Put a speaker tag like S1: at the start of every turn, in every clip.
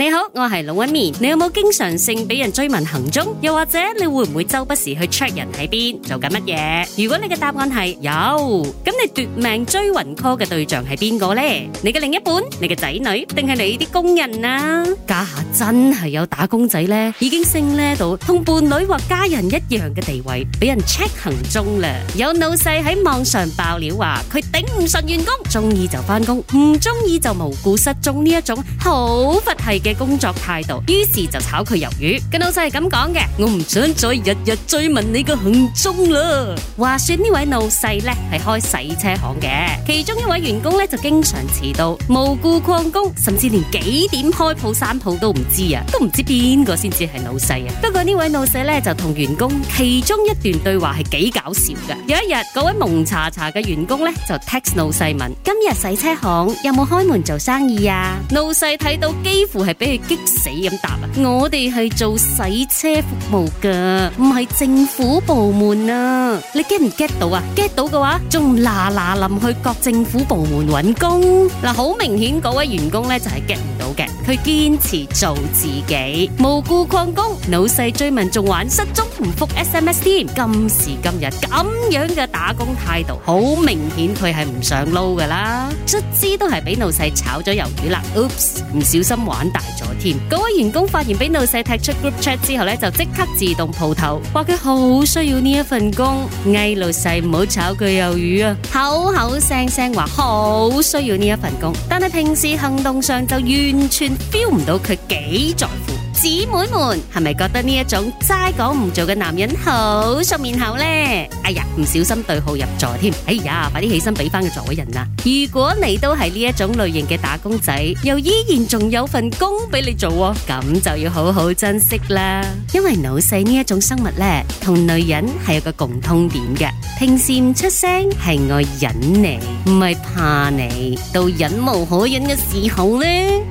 S1: 你好，我係龍紋敏。你有冇經常性俾人追問行蹤？又或者你會唔會周不時去 check 人喺邊做緊乜嘢？如果你嘅答案係有，咁你奪命追魂 call 嘅對象係邊個咧？你嘅另一半、你嘅仔女，定係你啲工人啊？家下真係有打工仔咧，已經升咧到同伴侶或家人一樣嘅地位，俾人 check 行蹤啦。有老細喺網上爆料話，佢頂唔順員工，中意就翻工，唔中意就無故失蹤呢一種好佛系嘅工作態度，於是就炒佢魷魚。個老細係咁講嘅，我唔想再日日追問你個行蹤啦。話說呢位老細呢係開洗車行嘅，其中一位員工呢就經常遲到、無故曠工，甚至連幾點開鋪閂鋪都唔知啊，都唔知邊個先至係老細啊。不過呢位老細呢就同員工其中一段對話係幾搞笑噶。有一日，嗰位蒙查查嘅員工呢就 text 老細問：今日洗車行有冇開門做生意啊？老細睇到幾乎係。俾佢激死咁答啊！我哋係做洗車服務噶，唔係政府部門啊！你 get 唔 get 到啊？get 到嘅話，仲嗱嗱冧去各政府部門揾工嗱，好、啊、明顯嗰位員工咧就係、是、get 唔到嘅，佢堅持做自己，無故曠工，老細追問仲玩失蹤，唔覆 SMS 添。今時今日咁樣嘅打工態度，好明顯佢係唔想撈噶啦！卒之都係俾老細炒咗魷魚啦！Oops，唔小心玩咗嗰位員工發現俾老細踢出 group chat 之後咧，就即刻自動鋪頭，話佢好需要呢一份工，嗌老細唔好炒佢魷魚啊，口口聲聲話好需要呢一份工，但係平時行動上就完全 feel 唔到佢幾在乎。姊妹們係咪覺得呢一種齋講唔做嘅男人好熟面口呢？哎呀，唔小心對號入座添！哎呀，快啲起身俾翻個座位人啦！如果你都係呢一種類型嘅打工仔，又依然仲有份工俾你做，哦，咁就要好好珍惜啦。因為老細呢一種生物呢，同女人係有個共通點嘅，平時唔出聲係我忍你，唔係怕你，到忍無可忍嘅時候呢。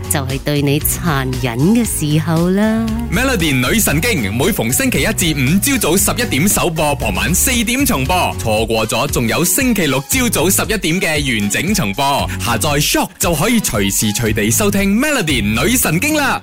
S1: 就係對你殘忍嘅時候啦。Melody 女神經每逢星期一至五朝早十一點首播，傍晚四點重播。錯過咗仲有星期六朝早十一點嘅完整重播。下載 Shock 就可以隨時隨地收聽 Melody 女神經啦。